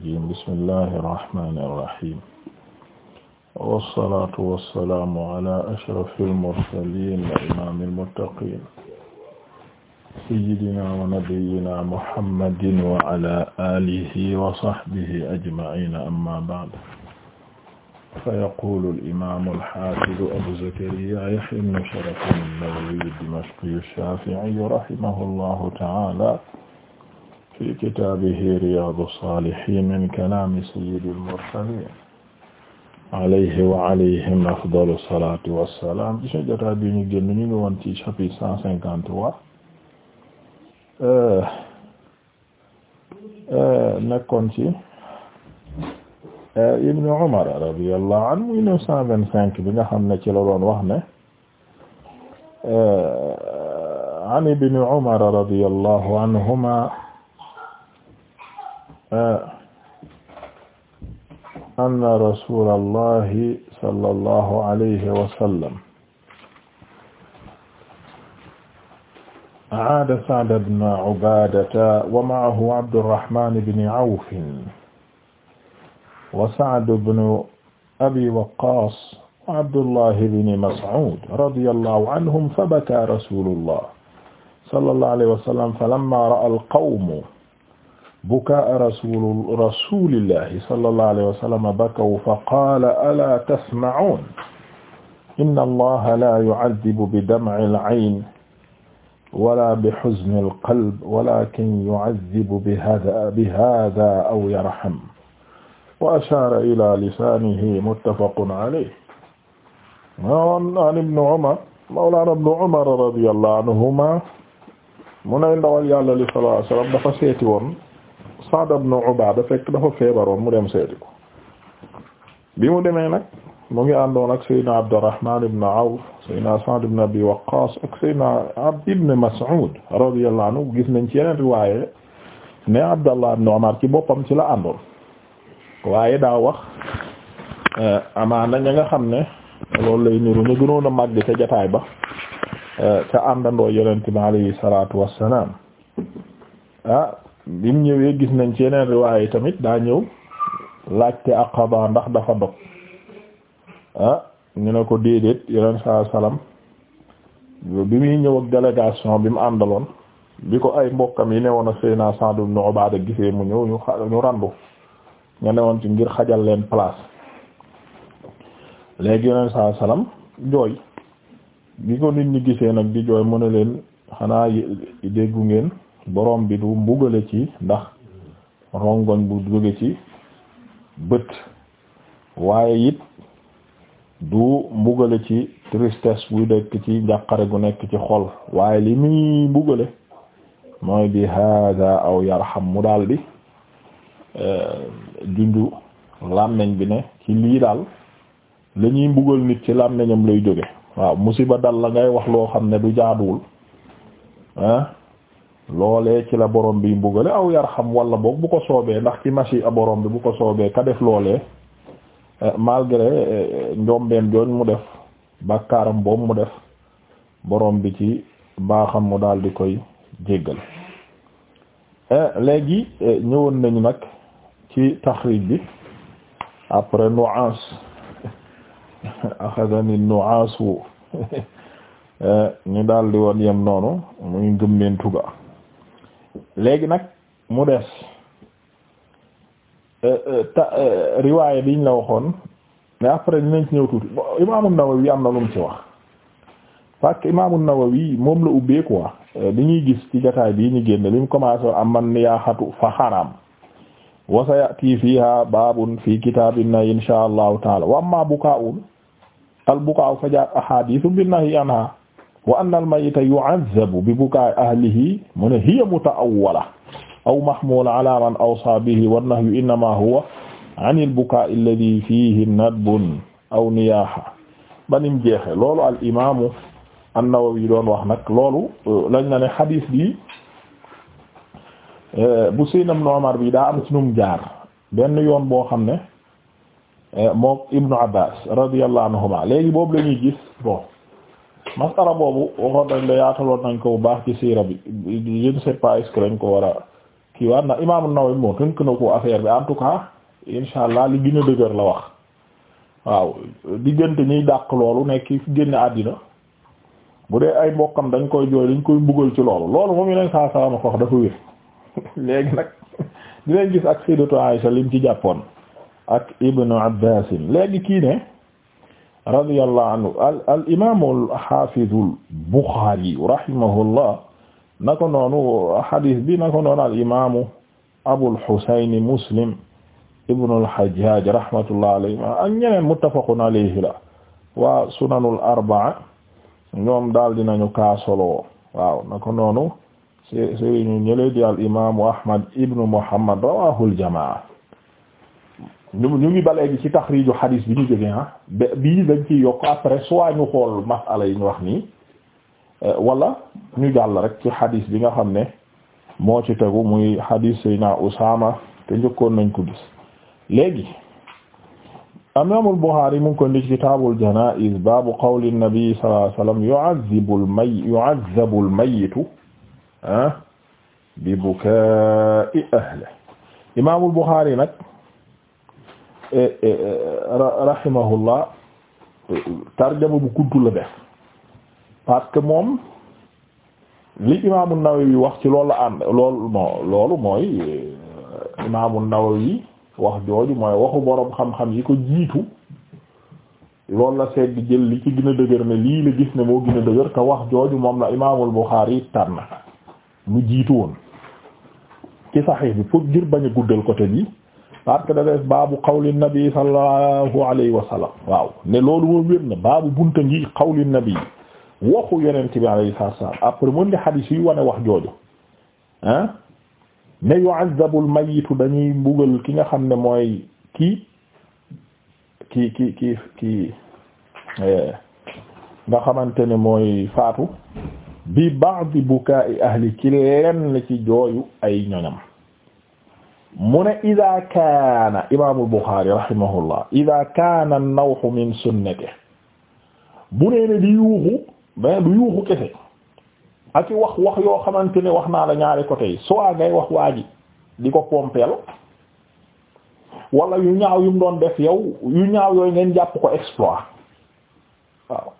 rajim bismillahi irrahmani irrahim wassalatu wassalaamu ala ashrafi almursalin wa imami almuttaqin sayidina wa nabiyina muhammadin wa ala alihi wa sahbihi ajmain amma ba'd fa yaqulu alimamu alhafidu abu zakariya yahya ibn sharaf an-nawawi ad-dimashqi ash-shafi'i rahimahu llahu ta'ala fi kitaabihi riyaadu saalihiin min kalaami sayyidil mursaliin alayhi wa alayhim afdalu salaatu wa salaam ci jotaay bi ñu génn ñu ngi woon ci chapitre cent cinquante-trois nekkoon ci Ibnu Umar radiyallahu anhu mille neuf cent vingt-cinq bi nga xam ne ci la doon wax ne an Ibni Umar radiyallahu anhuma anna rasulallahi sallallahu alayhi wa sallam aada Sa'd ibn Ubaadata wa ma'ahu Abdurrahmaan ibn Awf wa Sa'd ibn Abi Waqqaas wa Abdullahi ibn Mas'uud radiyallahu anhum fabakaa rasuulullah sallallahu alayhi wa sallam falammaa ra'al qawmu bukaa rasul rasulillahi sallallahu alayhi wa sallam bakaw fa qaala alaa tasma'uun inna allaha laa yu'adhibu bi dam'il 'ayn wala bi huznil qalb walaakin yu'adhibu bi haadhaa bi haadhaa aw yarham wa ashaara ilaa lisaanihi muttafaqun alayhi an ibni Umar mawlaana ibni Umar radiyallahu anhumaa mu ne ndawal yàlla li sallallahu alayhi wa sallam dafa seeti woon Sa'd ibn Ubaada fekk dafa feebaroon mu dem seeti ko bi mu demee nag mu ngi àndoon ak Seydina Abdurrahman ibn Awf Seydina Sa'd ibn Abi Waqqaas ak Seydina Abd ibn Mas'ud radiyallahu anhu gis nañ ci yeneen riwaaye ne Abdallah ibn Umar ci boppam ci la àndoon waaye daa wax eh, amaana ña nga xam ne loolu lay niru ñu gënoon a màgg ca jataay ba eh, ca àndandoo yonent bi alayhi salaatu wassalaam ah, bi ñëwee gis nañ ci yeneen riwaay yi tamit daa ñëw laajte aqaba ndax dafa dog ah ñu ne ko déedéet yeneen saa salaam bi muy ñëw ak délégation bi mu àndaloon bi ko ay mbokkam yi newoon ak Seydina Sa'd ibn Ubaada gisee mu ñëw ñu xa randu nga newoon ci ngir xajal leen place léegi yeneen saa salaam jooy bi ko nit ñi gisee nag di jooy mu ne leen xanaa déggu ngeen. borom bi du mbugale ci ndax rongoñ bu jóge ci bët waaye it du mbugale ci tristesse bu nekk ci njàqare gu nekk ci xol waaye li muy mbugale mooy bi hada aw yarham mu daal di eh, junju làmmeñ bi ne ci lii daal la ñuy mbugal nit ci làmmeñam lay jóge waaw musiba dal la ngay wax loo xam ne du jaaduwul ah. loole ci la borom bi mbugale aw xam walla boog bu ko soobee ndax ci machi a borom bi bu ko soobee ka def loolee eh, malgré eh, njombeem jooñ mu def bàkkaaram boobu mu def borom bi ci baaxam mu daal di koy jéggal eh, léegi ñëwoon nañu nag ci taxrij bi après nuance axadani nuance wu ñu daldi woon yem noonu muy ngëmmentu ga léegi nag mu des euh, euh, ta euh, riwaaya biñ la waxoon mais après dinañ ci ñëw tuuti imaamu Nawawi am na lu ci wax parce que imaamu Nawawi moom la ubbee quoi bi ñuy gis ci jotaay bii ñu génn li mu commencé am man niyaaxatu fa xaraam wa sayati fiha babun fi kitaabina insha allahu taala wa amma bukaa'un al bukaa'u fa jaat ahadithu bin nahyi anha wa anna al-mayyita yu'azzabu bi bukaa'i ahlihi mu ne hiya muta'awwala aw mahmula ala man awsa bihi wan-nahyu innama huwa 'ani al-bukaa'i alladhi fihi nadbun aw niyaaha banim jeexe loolu al imaamu an-Nawawi doon wax nag loolu euh, lañ na ne xadiis bi euh, bu Seydina Ibn Umar bi daa am sunum jaar benn yoon boo xam ne euh, mook Ibnu Abbaas radiyallahu anhuma léegi boobu la ñuy gis bon masala boobu waxoon nañ la yaataloon nañ ko bu baax ci siira bi je ne sais pas est-ce ko war a kii waat na imaamu Nawawi moo tënk na ko affaire bi en tout cas insha allah li gën a dëgër la wax waaw diggante ñuy dàq loolu nekk fi génne àddina bu dee ay mbokkam dañ koy jooy dañ koy mbugal ci loolu loolu moom yeneen saa salaama ko wax dafa wér léegi nag dinañ gis ak Sayyidatu Aisha lim ci jàppoon ak Ibnu Abbaas léegi kii ne radiyallahu anhu al al imaamul xaafizul buxaari rahimahullah na ko noonu hadith bi na ko noonu al imaamu abul xusayni muslim ibnul xajjaaj rahmatullahi alayhi ak ñeneen muttafaqun alayhi la waa sunanul arbaa ñoom daal dinañu kaa solo waaw na ko noonu sëriñu ñële di al imaamu ahmad ibnu muhammad rawaahul jamaa ñu ñu ngi ba léegi ci taxriiju xadiis bi ñu jógee ah bii dañ ciy yokk après soit ñu xool masala yi ñu wax nii euh, wala ñu jàll rek ci xadiis bi nga xam ne moo ci tegu muy xadiis sayna Usaama te njëkkoon nañ ko gis léegi imaamul Buxaari mu ngi ko ndi kitaabul janaa'iz baabu qawli nabi sallallahu alayhi wasallam yu'azzabul may yu'azzabul mayyitu ah bi bukaa'i ahlihi imaamul Buxaari nag Eh, eh, eh, rahimahullah tarjama bu gudd la def parce que moom li imaamu Nawawi wax ci loolu la ànd loolu moo loolu mooy imaamu wax jooju mooy waxu boroom xam-xam yi ko jiitu loolu la seet jël li ci gën a dëgër ne lii la gis ne moo gën dëgër te wax jooju moom la imaamul Buxaari tànn mu jiitu woon ci saxiix bi pour ngir bañ a guddal côté bi parce que dafay baabu qawli nabi sallallahu alayhi waaw ne loolu moo wér na baabu bunta ngi qawli nabi waxu yonent bi alayhi salaam après mën di xadiis yi wax jooju ah ne yu'azzabu al-mayyitu dañuy mbugal ki nga xam ne mooy kii kii ki kii kii eh, nga xamante ne mooy faatu bi ba'd buka'i ahli ci lenn ci jooyu ay ñoñam mu ne ida kaana imaamu Buxaari rahimahullah ida kaana nawxu min sunnati bu nee ne di yuuxu ben du yuuxu kese ak wax wax yoo xamante ne wax naa la ñaari côté soo soit ngay wax waa ji di ko pompeel wala yu ñaaw yu mu doon def yow yu ñaaw yooyu ngeen jàpp ko exploit waaw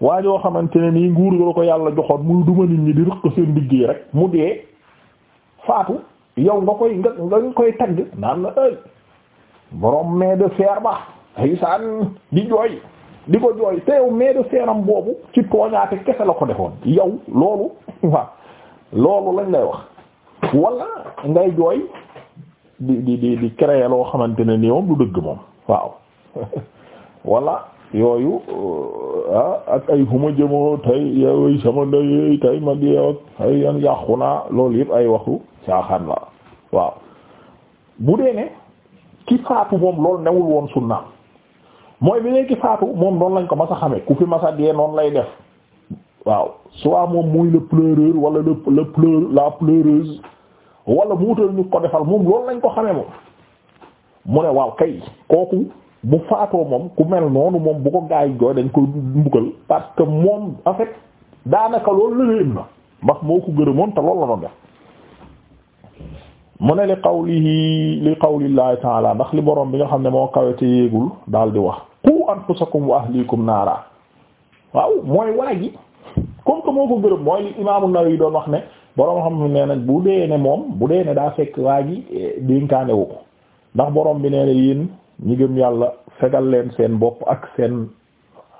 waa joo xamante ne nii nguur la ko yàlla joxoon muy duma nit ñi di rëq seen digg yi rek mu dee faatu yow nga koy nga nga koy tagg naan la ay borom main de fer ba ay di jooy di ko jooy te yow main de feram boobu ci tooñaate kese la ko defoon yow loolu waaw loolu lañ lay wax wala ngay jooy di di di di créer xamante ne ni moom du dëgg moom waaw wala yooyu euh, ah, ak ay huma jëmoo tay yoy sama nday tay ma deew ak ay yan yàqu naa loolu yëpp ay waxu caaxaan la waaw bu dee ne ki faatu moom loolu newul woon su sunna mooy bi ne ki faatu moom noonu lañ ko mas a xame ku fi ma a dee noonu lay def waaw soit moom muy le pleureur wala le le pleure la pleureuse wala mu wutal ñu ko defal moom loolu lañ ko xame moom mu ne waaw kay kooku bu faatoo moom ku mel noonu moom bu ko gaay jooy dañ koy mbugal parce que moom en daanaka loolu la yëm na ndax moo ko gërëmoon te loolu la doon def mu ne li qawlihi li qawlillahi taala ndax li borom bi nga xam ne moo kawete yéegul daal di wax qu waaw mooy moo ko gërëm mooy li imaamu Nawawi doon wax ne a xam ne nee bu dee ne moom bu dee ne daa fekk waa ji eh, ko ndax borom bi nee na ñi gëm yàlla fegal leen seen bopp ak seen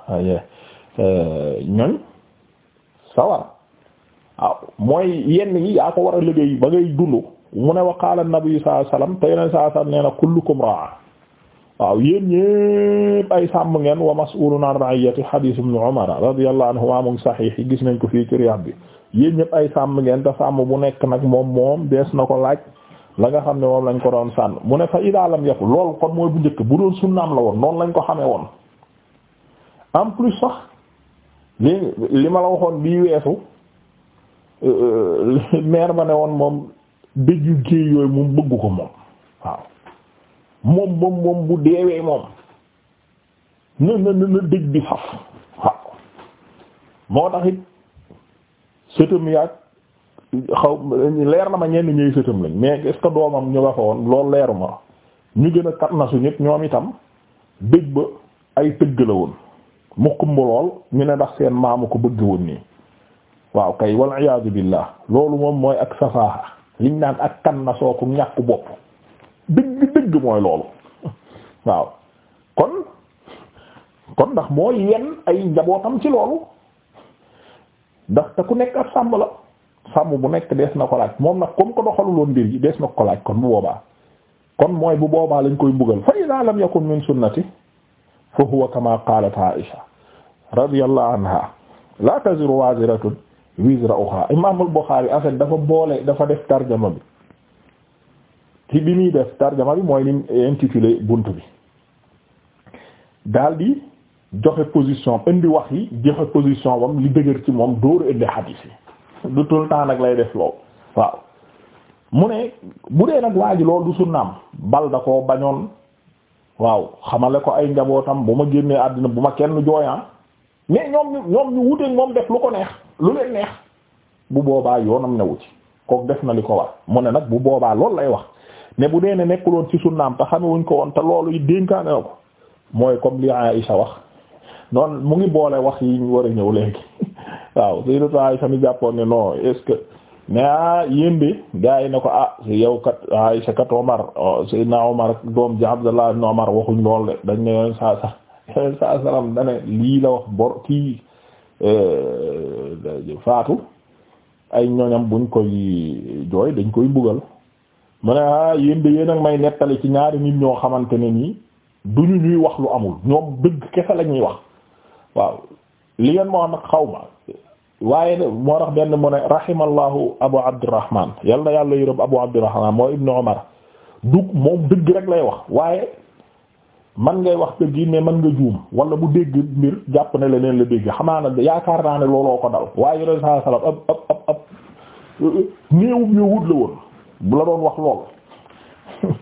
euh, ñoñ sawar waaw mooy yenn yi yaa ko war a liggéey ba ngay dund mu ne wa qaala nabi sallallahu alayhi wasallam te yeneen sallallahu alayhi waaw yéen ñépp ay sàmm ngeen wa mas'ulun an ra'iyati hadith ibn umar radiyallahu anhuma mu ngi saxiix yi gis nañ ko fii ci bi yéen ñépp ay sàmm ngeen te sàmm bu nekk nag moom moom dees na ko laaj la nga xam ne moom lañ ko doon sànn mu ne fa idaa lam yàqu loolu kon mooy bu njëkk bu doon sunnaam la woon noonu lañ ko xamee woon en plus sax li li ma la waxoon bii weesu euh, maire ba ne woon moom dëju géey yooyu moom bëggu ko moom waaw moom moom moom bu deewee moom na na na dëj bi faf moo taxit it sëtam xaw leer na ma ñenn ñuy sëtam lañ mais est ce que doomam ñu nga fa woon loolu leeru ma ñu gën a kat nasu ñëpp ñoom itam dëj ba ay tëgg la woon mu xumb lool ñu ne ndax seen maamu ko bëgg woon nii waaw kay wal iyaadu billah loolu moom mooy ak safaaxa liñ naan ak kan nasoo ko ñàkk bopp dëgg dëgg mooy loolu waaw kon kon ndax moo yenn ay njabootam ci loolu ndax te ku nekk ak sàmm la sàmm bu nekk dees na ko laaj moom nag comme ko doxaluloon mbir yi dees na kolaat kon bu boobaa kon mooy bu boobaa lañ koy mbugal fa ida lam yakun min sunnati fa huwa kama qalat Aisha radiyallahu anha la taziru waziratun wizra uxra imam al-Bukhari dafa boole dafa def tarjama bi ci bi muy def tarjama bi mooy ni intitulé bunt bi dal di joxe position indi wax yi joxe position bam li dëgër ci moom dóoru indi hadith yi du tout le nag lay def lool waaw mu ne bu dee nag waa ji loolu du sunnaam bal da koo bañoon waaw xamale ko ay njabootam bu ma génnee àdduna bu ma kenn jooyaan mais ñoom ñoom ñu wuteeg moom def lu ko neex lu leen neex bu boobaa yoonam newu ci kook def na li ko wax mu ne nag bu boobaa loolu lay wax ne bu dee ne nekkuloon ci sunnaam te xamewuñ ko woon te loolu yi dénkaane na ko mooy comme li Aïcha wax noonu mu ngi boole wax yi ñu war a ñëw léegi waaw Sayyidatu Aisha mi jàppoon ne non est-ce que ah yéen bi gars yi na ko ah yow kat Aisha kat Omar oh, Sayyidna Omar doom ji Abdallah ibn Omar waxuñ lool de dañ ne yoon saa sa yoon saa salaam da ne lii la wax bor kii eh, faatu ay ñoñam buñ koy jooy dañ koy bugal mu ne ah yéen bi yéen ak may nettali ci ñaari nit ñoo xamante ne nii duñu ñuy wax lu amul ñoom dëgg kese la ñuy wax waaw li ngeen moo xam nag xaw ma waaye moo tax benn mu ne rahimallahu abu abdurrahman yal na yàlla yërëm abu abdurrahman moo ibnu umar dug moom dëgg rek lay wax waaye man ngay wax dëgg yi mais man nga juum wala bu dégg mbir jàpp ne la neen la dégg xamaa na yaakaar naa ne looloo ko dal waaye yoneen saa sallam ab ab ab ab néewub yowut la woon bu la doon wax lool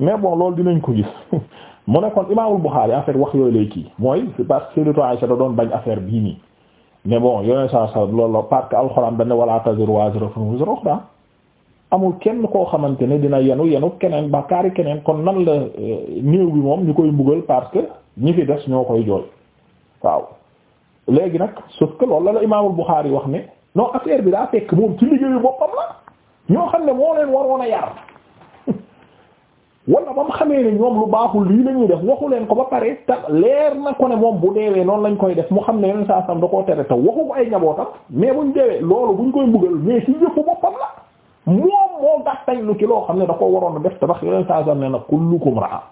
mais bon loolu dinañ ko gis mu ne kon imaamul Buxaari en fait wax yooyu lay kii mooy parce que Sayyidatu doon bañ affaire bii nii mais bon yoneen saa sa loolu la parce que alxuraan dañ ne wala taziru waaziratun amul kenn koo xamante ne dina yenu yenu keneen bàkkaari keneen kon nan la euh, néew bi moom ñu koy mbugal parce que ñu fi des ñoo koy jooy waaw léegi nag sauf que loolu la la imaamul Buxaari wax ne noo affaire bi daa fekk moom ci liggéeyu boppam la ñoo xam ne moo leen waroon a yar wala ba mu xamee ne ñoom lu baaxul lii la ñuy def waxu leen ko ba pare te leer na ko ne moom bu deewee noonu lañ koy def mu xam ne yeneen saa sam da koo tere te waxu ko ay ñabootam mais buñ deewee loolu buñ koy mbugal mais ci yëfu boppam la moom moo gàttañ loo xam ne da ko waroon def te ndax yeneen saa sam ne nag kullukum raa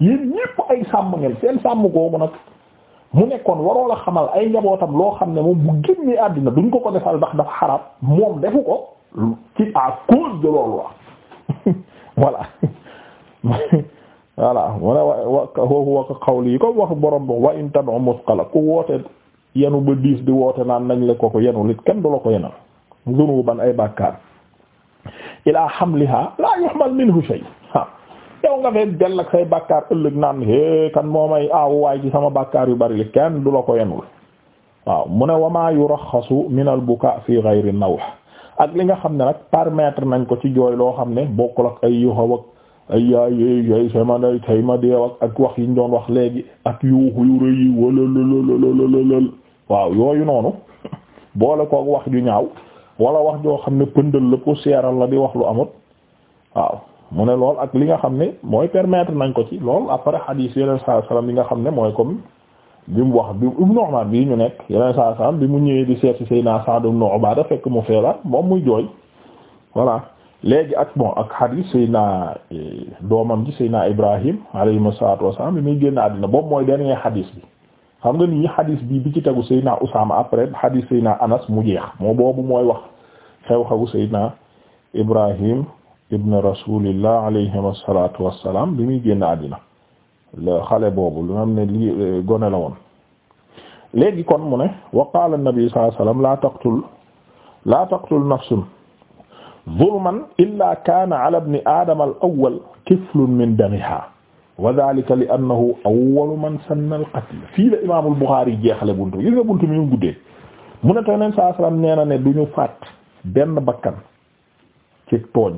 yéen ñépp ay sàmm ngeen seen sàmm nag mu nekkoon waroo la xamal ay njabootam loo xam ne moom bu génnee àddina duñ ko ko defal ndax dafa xarab moom defu ko ci à cause de loolu la voilà voilà mu ne wa wa ka xawli yi comme wax borom bi wa in tad'u musqala ku woote yenu ba diis di woote naan nañ la ko ko yenu lit kenn du la ko yenal dunuban ay bàkkaar ilaa hamliha la yuhmal minhu shay yow nga fee dell sama bàkkaar yu bari li kenn du la ko yenul waaw mu ne wamaa yuraxasu min al fi ghayri nawh ak li nga xam ne nag permettre nañ ko ci jooy loo xam ne bokkul ak ay yuxaw ak ay yaay yooyu yooyu sama day tey ma dee ak wax yi ñu doon wax léegi ak yuuxu yu rëy yi wala lëlëlëlëlël waaw yooyu noonu boole koog wax yu ñaaw wala wax joo xam ne pëndal la pour seeral la di wax lu amut waaw mu ne lool ak li nga xam ne mooy permettre nañ ko ci lool après hadith yeneen saa salaam yi nga xam ne mooy comme bi mu wax bi Ibnu Umar bii ñu nekk yeneen saa salaam bi mu ñëwee di seet si Seydina Sa'd ibn Ubaada fekk mu feebar moom muy jooy voilà. léegi ak bon ak hadith Seyna eh, doomam ji Seyna Ibrahim alayhi salaatu wassalaam bi muy génn àddina boobu mooy dernier bi xam nga ni hadith bi bi ci tegu Seyna Usaama après hadith Seyna Anas mu jeex moo boobu mooy wax xew-xewu Seyna Ibrahim ibn rasulillah alayhi salaatu wassalaam bi muy génn àddina la xale boobu lu am ne lii eh, gone la woon léegi kon mu ne wa qaala an-nabi sallallahu laa taqtul laa taqtul nafsun zulman illa kaana ala ibni aadama al awwal kiflun min damiha wa dhalika li annahu awwalu man sanna al qatl fii la imaamul Buxaari jeexale buntu gis nga buntu mi mu guddee mu ne tey leen saa salaam nee na ne du ñu faat benn bakkan ci tooñ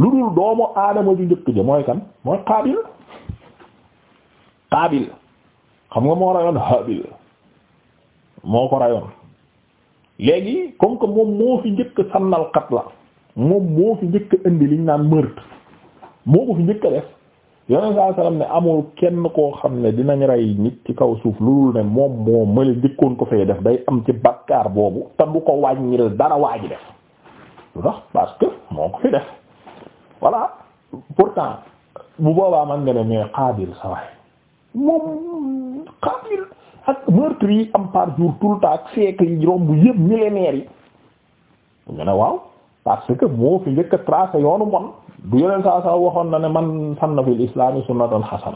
lu dul doomu aadama ju njëkk ja mooy kan mooy Qaabil Qaabil xam nga moo rayoon Haabil moo ko rayoon léegi comme que moom moo fi njëkk sànnal qatla moom moo fi njëkk indi liñ naan meurtre moo ko fi njëkk def yonent saa salaam ne amul kenn koo xam ne dinañ rey nit ci kaw suuf lu ne moom moo mali njëkkoon ko fay def day am ci bakkaar boobu te du ko wàññil dara waa ji def lu tax parce que moom xaabil ak meurtre yi am par jour tout le temps ak siècle romb yëpp millénaires yi nga waaw parce que moo fi njëkk a tracé yoonu mbon du yeneen saa saa waxoon na ne man sanna fil islaami sunnatan xasan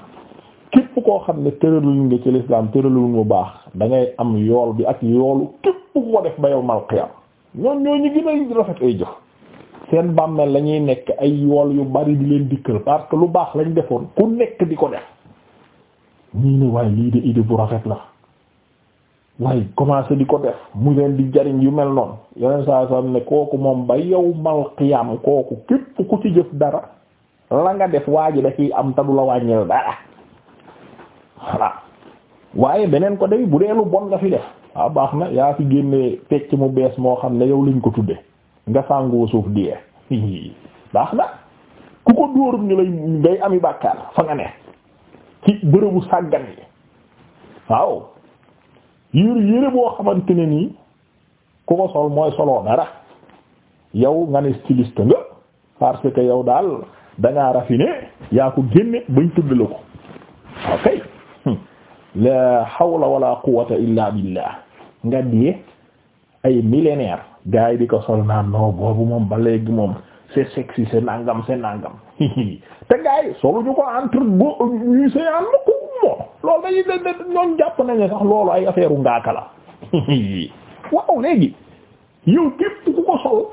képp koo xam ne tëralul nga ci l'islam tëralul mu baax dangay am yool bi ak yoolu képp ko def ba yow mal qiyam ñoo gën a rafet ay jëf seen bàmmeel lañuy nekk ay yool yu bari di leen dikkal parce que lu baax lañ defoon ku nekk di ko def ñii ne waaye lii de idée bu rafet la waaye commencé di ko def mu leen di jariñ yu mel noonu yeneen saa saa ne kooku moom ba yawmal qiyaam kooku képp ku ci jëf dara la nga def waa ji da ciy am ta du la wàññil dara waaye beneen ko day bu dee lu bon nga fi def waaw ah, baax na yaa fi génne pecc mu bees moo xam ne yow lañ ko tudde nga sàngoo suuf diyee baax na ku ko dóorum ñu lay ngay ami bàkkaar fa nga ne ci bërëbu sàggan yi waaw yére yére boo xamante ne nii ku ko sol mooy soloo dara yow nga ne styliste nga parce que yow daal dangaa raffiné yaa ko génne bañ tudd la ko okay la hawla wala quwwata illa billah nga diye ay millénaire gars yi di ko sol naan non boobu moom ba léegi moom c'est sexy c'est nangam c'est nangam te gars yi soluñu ko entre bo ñuy séan mukk moo loolu dañuy d ñoon jàpp nañu sax loolu ay affaire u ngaaka la waaw léegi yow képp ku ko sol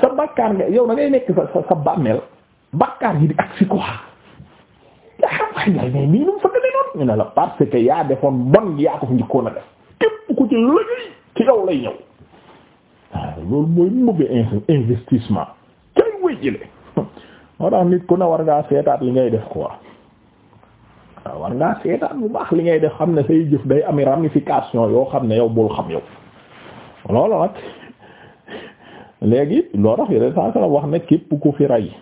sa bakkaar nga yow da ngay nekk sa sa bàmmeel bakkaar yi di ak si quoi waaye yaay mais nii nu mu fa demee noonu ñu ne la parce que yaa defoon bon yaa ko fi njëkkoon a def képp ku ci lëgëy ci yow lay ñëw waaw ah, loolu mooy mauvais investissement kay wéy moo tax nit ku na war ngaa seetaat li ngay def quoi waaw ah, war ngaa seetaat bu baax li ngay def xam ne say jëf day ami ramification yoo xam ne yow bul xam yow loolu nag léegi loo tax yeneen saa sala wax ne képp ku fi rey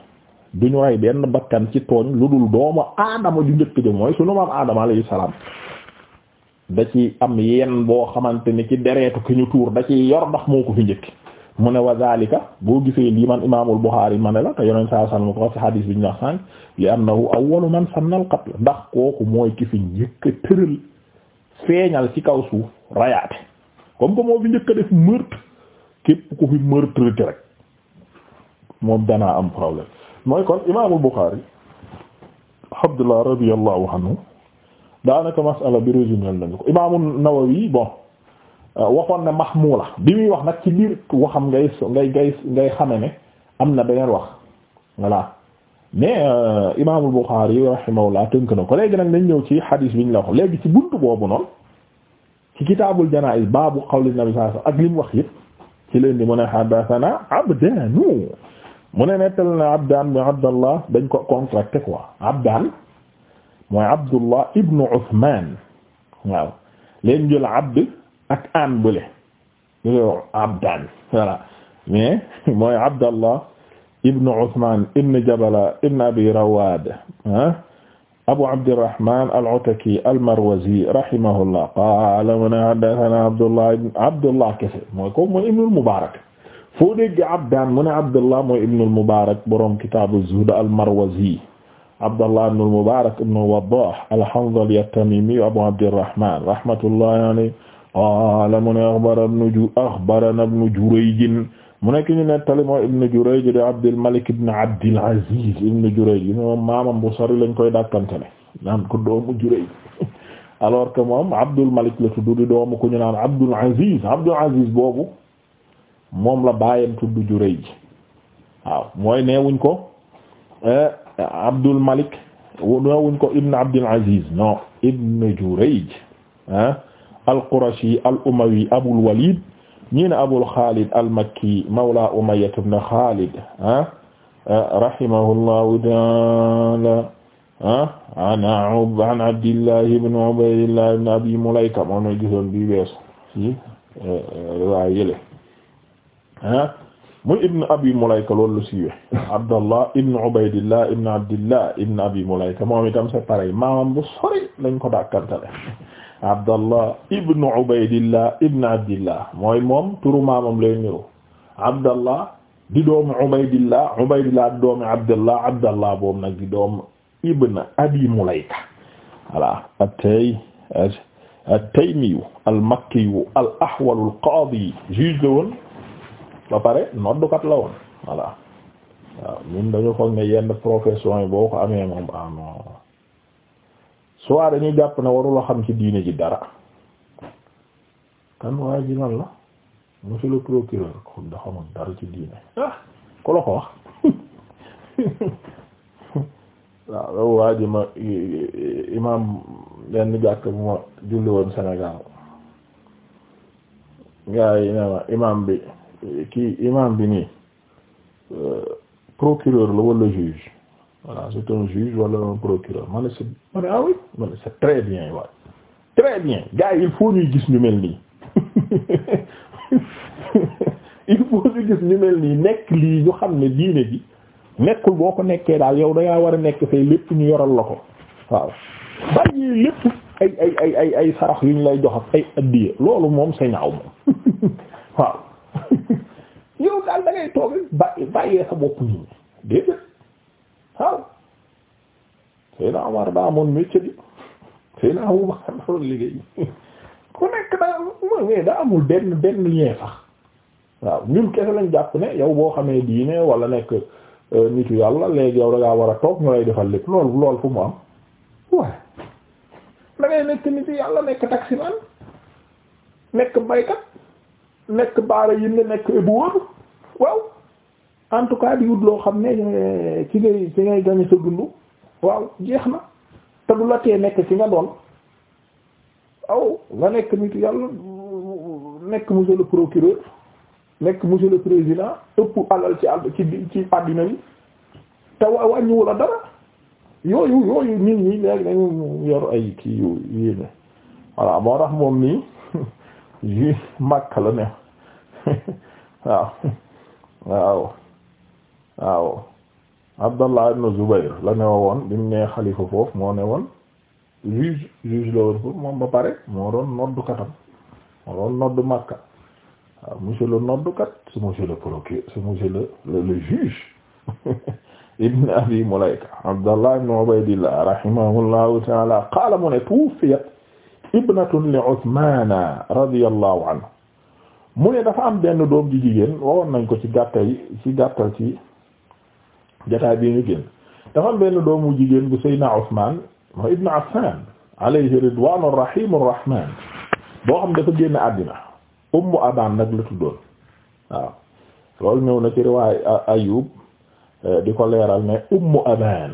duñu rey benn bakkan ci tooñ lu dul doomu aadama ju njëkk de mooy sunu maam aadama alayhi salaam da ci am yenn boo xamante ni ci dereetu ki ñu tuur da ci yor ndax moo ko fi njëkk mu ne wa daalika boo gisee lii man imaamul Buxaari ma ne la te yoneen saa san ma ko wax ci hadis bi ñu wax sànq li annahu awwalu man sanna al qatl ndax kooku mooy ki fi njëkk a feeñal ci kaw suuf rayaate comme que moo fi njëkk a def meurtre képp ku fi meurtre rek moom danaa am problème mooy kon imaamul Buxaari Abdullah radiyallahu anhu daanaka masala bi résumé nañu ko imaamu Nawawi bon euh, waxoon ne mahmula bi muy wax nag ci biir waxam ngay ngay ngay ngay xame ne am na beneen wax voilà mais euh, imaamul Buxaari rahimahullah tënk na ko léegi nag nañ ñëw ci xadiis bi ñu la wax léegi ci buntu boobu noonu ci kitaabul janaa'iz baabu qawli nabi sallallahu alayhi ak li wax yëpp ci leen di mu ne haddathana Abdaanu mu ne nettal na Abdaan bi Abdallah dañ ko contracté quoi Abdaan mooy Abdullah ibnu Uthman waaw leen jël abd ak an bële yo abdan voilà mais mooy Abdallah ibnu Uthman ibnu Jabala ibnu Abi Rawad Abu Abdirrahman al-Ataki al-Marwazi rahimahullah qaala mu ne haddathana Abdullah Abdullah kese mooy ko mooy ibnu al-Mubarak foo dégg abdan mu ne Abdullah mooy ibnu al-Mubarak borom kitaabu zuhd al-Marwazi Abdallah ibn al-Mubarak ibn Waddah al-Hanzali at-Tamimi Abu Abdirrahman rahmatullahi alayhi qaala mu ne akhbarana ibn Jurayj mu nekk ñu nettali moo ibn Jurayj de Abdul Malik ibn Abdil Aziz ibn Jurayj moom maamam bu sori lañ koy dàkkantele naan ko doomu Jurayj alors que moom Abdul Malik la tudd di doomu ku ñu naan Abdul Aziz Abdul Aziz boobu moom la baayam tudd Jurayj waaw mooy neewuñ ko eh, Abdul Malik woowuñ ko Ibn Abdul Aziz non Ibn Jurayj ah al-Qurashi al-Umawi Abul Walid ñii ne Abul Khalid al-Makki mawla Umayya ibn Khalid ah rahimahullahu ta'ala an Abdillah ibn Ubaydillah ibn Abi Mulayka moo gisoon bi weesu ci eh, riwaaya yële ah muy ibn abi mulayka loolu lu siiwe abdallah ibn ubaydillah ibn abdillah ibn abi mulayka moom itam c'est pareil maamam bu sori lañ ko dàkkantale abdallah ibn ubaydillah ibn abdillah mooy moom turu maamam lay niru abdallah di doomu ubaydillah ubaydillah di doomu abdallah abdallah boobu nag di doomu ibn abi mulayka voilà atay at-taymiyu al-makkiyu al-ahwalu al-qaadi juge la woon ba pare noddukat la woon voilà waaw ñun dañu foog ne yenn profession yi boo ko amee moom ah non soit dañuy jàpp ne warula xam ci diine ji dara kan waaye ji nan la monsieur le procureur ko da dara ci diine ah ku la ko wax waaw loolu waa ma imam benn jàkk bu ma julli woon Sénégal gaa yi imam bi kii imam bi nii euh, procureur la wala juge voilà c'est un juge wala un procureur ma ne c'est ma ne ah oui bien waaye très bien gars yi il faut ñuy gis ñu mel nii il faut nii nekk lii ñu xam ne diine bi nekkul boo ko nekkee daal yow dangaa war a nekk fay lépp ñu yoral la ko waaw bàyyi lépp ay ay ay ay sarax yu ñu lay jox ak ay addiya loolu moom sa ñaaw moom waaw yow daal da ngay toog bàyyi bàyyee sa bopp nii déedéet waaw Seydina Omar daa amoon métier bi Seydina Abu Bakar daa liggéey ku nekk daa mooy mais daa amul benn benn lien sax waaw ñun kese lañ jàpp ne yow boo xamee diine wala nekk euh, nitu yàlla léegi yow da war a toog ñu lay defal lépp lool lool fu mu am waaye da ngay nekk nitu yàlla nekk taximaan nekk baykat. nekk baara yi la nekk bu wër waaw en tout cas di wut loo xam ne eh, ci ngay ci ngay gañe sa dund waaw jeex na te du la nekk ci nga doon aw nga nekk nit yàlla nekk monsieur le procureur nekk monsieur le président ëpp alal ci àll àddina bi te wa- wàññiwu la dara yooyu yooyu nit ñi léegi dañu yor ay kii yu yéeme voilà moo tax moom nii Makka la ne waaw waaw waaw Abdallah ibn Zubayr la ne woon bi mu nee xalifa foofu moo ne woon juge juge la woon foofu moom ba pare moo doon noddukatam moo doon noddu Makka waaw monsieur le noddukat c'est monsieur le procureur c'est monsieur le le juge ibn Abi Mulayka Abdallah ibn Ubaydillah rahimahullahu ta'ala qaala mu ne tuwufiyat ibnatun li Uthman radiyallahu anhu mu ne dafa am benn doom ji jigéen waxoon nañ ko ci gàttal ci gàttal ci jotaay bi ñu génn dafa am benn doomu jigéen bu Seydina Usmaan moo Ibn Affan alayhi ridwaanu rahimu rahmaan boo xam dafa génn àddina Ummu Abaan nag la tuddoon waaw loolu ñëw na ci riwaay Ayub eh, di ko leeral ne Ummu Abaan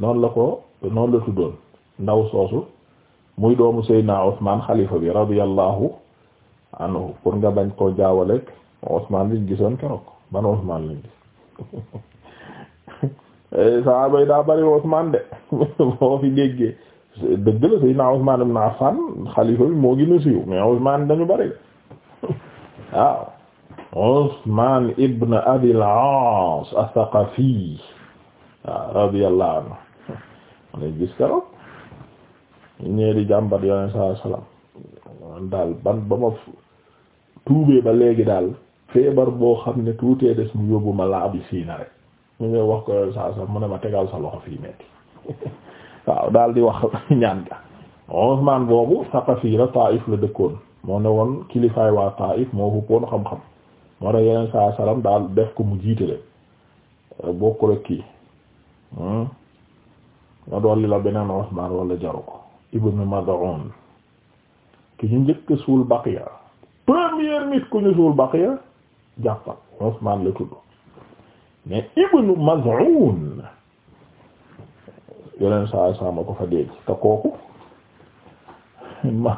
noonu la ko noonu la tuddoon ndaw soosu muy doomu Seydina Usmaan xalifa bi radiyallahu anhu pour nga bañ koo jaawaleeg Usmaan liñ gisoon keroog ban Usmaan lañ gis eh, sahaaba daa bari Usmaan de boo fi déggee dëgg la Seydina Usmaan ibn Affan xalifa bi moo gën a siiw mais Usmaan dañu bari waaw Usmaan ibn Abil Aas as-Saqafi waaw radiyallahu anhu lañ gis keroog ñee di jàmbat yoneen saa daal ban ba ma tuubee ba léegi daal feebar boo xam ne tuutee des mu yóbbu ma la abi siina rek mu ñëw wax ko saa sa mu ne ma tegal sa loxo fii metti waaw daal di wax ñaan ga Usmaan boobu Saqafi la la dëkkoon moo ne woon kilifaay waa Taif moo huppoon xam-xam moo tax yeneen saa salaam daal def ko mu jiite leen eh, bokkul ak kii nga hmm? dolli la beneen Usmaan wala jaru ko ibn Mad'un ki ñu njëkk suul Baqiya première nit ku ñu suul Baqiya jàppal Usmaan la tudd mais Ibnu Maz'un yeneen saa saa ma ko fa dégg te kooku ma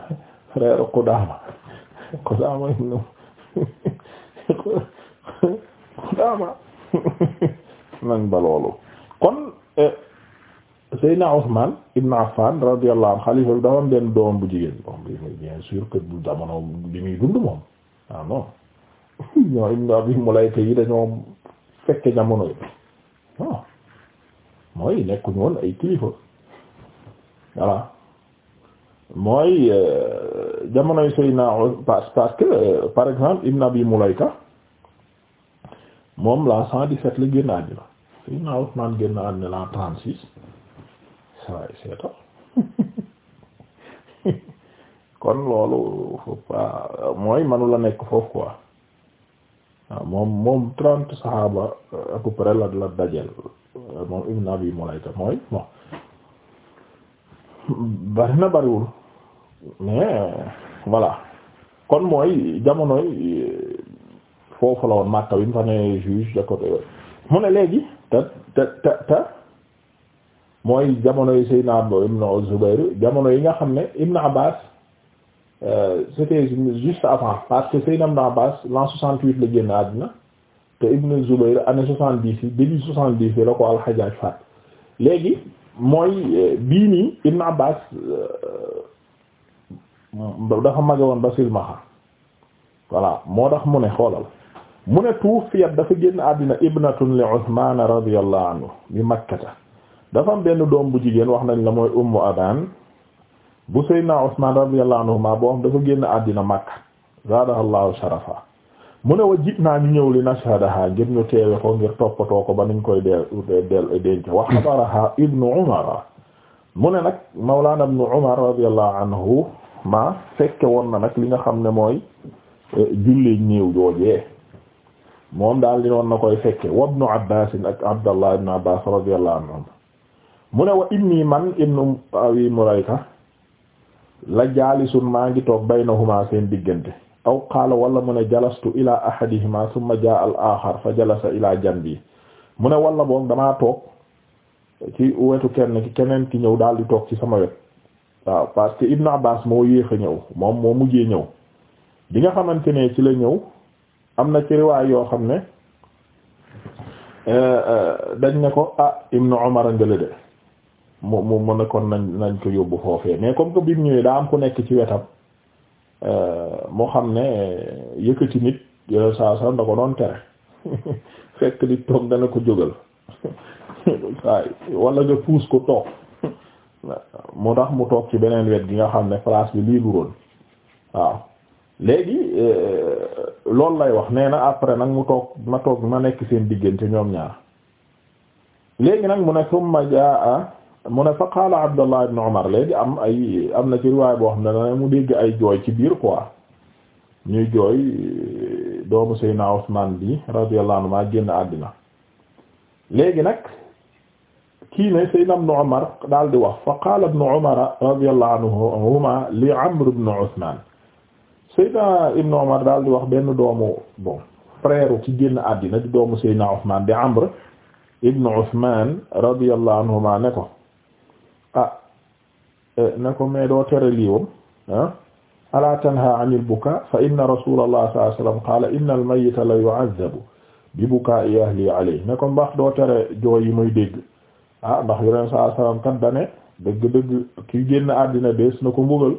frère Qudaama Qudaama ibnu ba loolu kon eh, Seydina Ousmane Ibn Affan radiyallahu anhu xalifa bi dafa am benn doomam bu jigéen bien sûr que bu jamono bi muy dund moom ah non Ibn Abi Mulayka yi dañoo fekke jamono yi waaw mooy euh, jamonoy Seydina parce que euh, par exemple Ibn Abi Mulayka moom la 117 la génn àddina Seydina Ousmane génn àddina la 36. sawaay seeta kon loolu faut pas mooy manu nekk foofu quoi waaw moom moom trente saxaaba à peu près la la dajeel moom Ibn Abi Mulayka mooy bon bari na bariwul mais voilà kon mooy jamonoy foofu la woon Makka bi mu fa ne juge mu ne léegi te te te mooy jamono yi Seydina ibn Zubayr jamono yi nga xam ne Ibn Abbas euh, c'était juste avant parce que Seydina Ibn lan l'an 68 la génn àddina te Ibn Zubayr année 70 yi début 70 yi la ko al-Hajjaj faat léegi mooy euh, bii nii Ibn Abbas euh, dafa mage woon ba silmaxa voilà moo tax mu ne xoolal mu ne tuufiyat dafa génn àddina ibnatun li Usman radiyallahu anhu bi Makkata dafa am benn doom bu jigéen wax nañ la mooy ummu adan bu seydna Usman radiyallahu anhuma boo xam dafa génn àddina Makka zaadahallahu sharafa mu ne wa jit naa ñu ñëw li nashhadaha ngir ñu teewe ko ngir toppatoo ko ba nuñ koy deel deel denc wa xabaraha ibnu umara mu ne nag mawlana ibnu umar radiyallahu anhu ma fekke woon na nag li nga xam ne mooy eh, julli ñëw joojee moom daal li noon na koy fekke wa ibnu abbas ak abdallah ibnu abbas radiyallahu mu ne wa man ibnu abi mulayka la jaalisun maa ngi toog baynahuma seen diggante aw qaala wala mu ne jalastu ila ma thumma jaa al axar fa jalasa ila janbi mu ne walla boog damaa toog ci wetu kenn ki keneen ki ñëw daal di toog ci sama wet waaw parce ibnu abbas moo yéex a ñëw moom moo mujjee ñëw bi nga xamante ne ci la ñëw am na ci riwaay yoo xam ne eh, eh, dañ ne ko ah ibnu umar ngëla de mu mu mu nekkoon nañ nañ ko yóbbu foofee mais comme que bi mu ñëwee daa am ku nekk ci wetam euh, moo xam ne euh, yëkkati nit yooyu saa saa da ko doon tere fekk di toog dana ko jógal wala nga puus ko toog moo tax mu toog ci beneen wet gi nga xam ne place bi lii buroon waaw léegi euh, loolu lay wax nee na après nag mu toog ma toog ma nekk seen diggante ñoom ñaar léegi nag mu ne summa jaa mu ne fa qaala Abdallah ibn Umar léegi am na ci riwaay boo xam ne dana mu dégg ay jooy ci biir quoi ñuy jooy doomu Seydina Usmaan bi radiyallahu anhu maa génn àddina léegi nag kii ne Seydina ibn Umar daal di wax fa qaala ibn Umar radiyallahu anhuma li Amr ibn Usmaan Seydina ibn Umar daal di wax benn doomu bon frère ki génn àddina di doomu Seydina Usmaan di Amr ibn Usmaan radiyallahu anhuma ne ko ah eh, na ko mais doo tere lii woon ah alaa tanha anil bukaa fa inna rasulallah sallallahu alayhi wasallam qaala innal mayyita la yu'azzabu bi bukaa'i ahli alayhi ne ko mbax doo tere jooy yi muy dégg ah ndax yeneen saa salaam kat dane dëgg-dëgg ki génn àddina dees na ko mbugal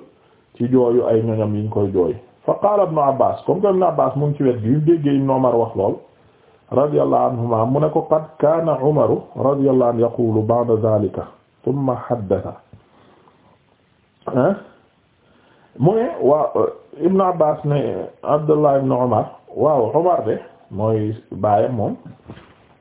ci jooyu ay ñoñam yiñ koy jooy fa qaala ibnu Abbaas comme que ibnu Abbaas mu ngi ci wet gi yu déggee ibnu Umar wax lool radiyallahu anhuma mu ne ko qad kaana Umaru radiyallahu anhu yaqulu ba'da zaalika summa haddasa mu ne waaw Ibn Abbas ne Abdullah ibn Umar waaw Umar de mooy baayam moom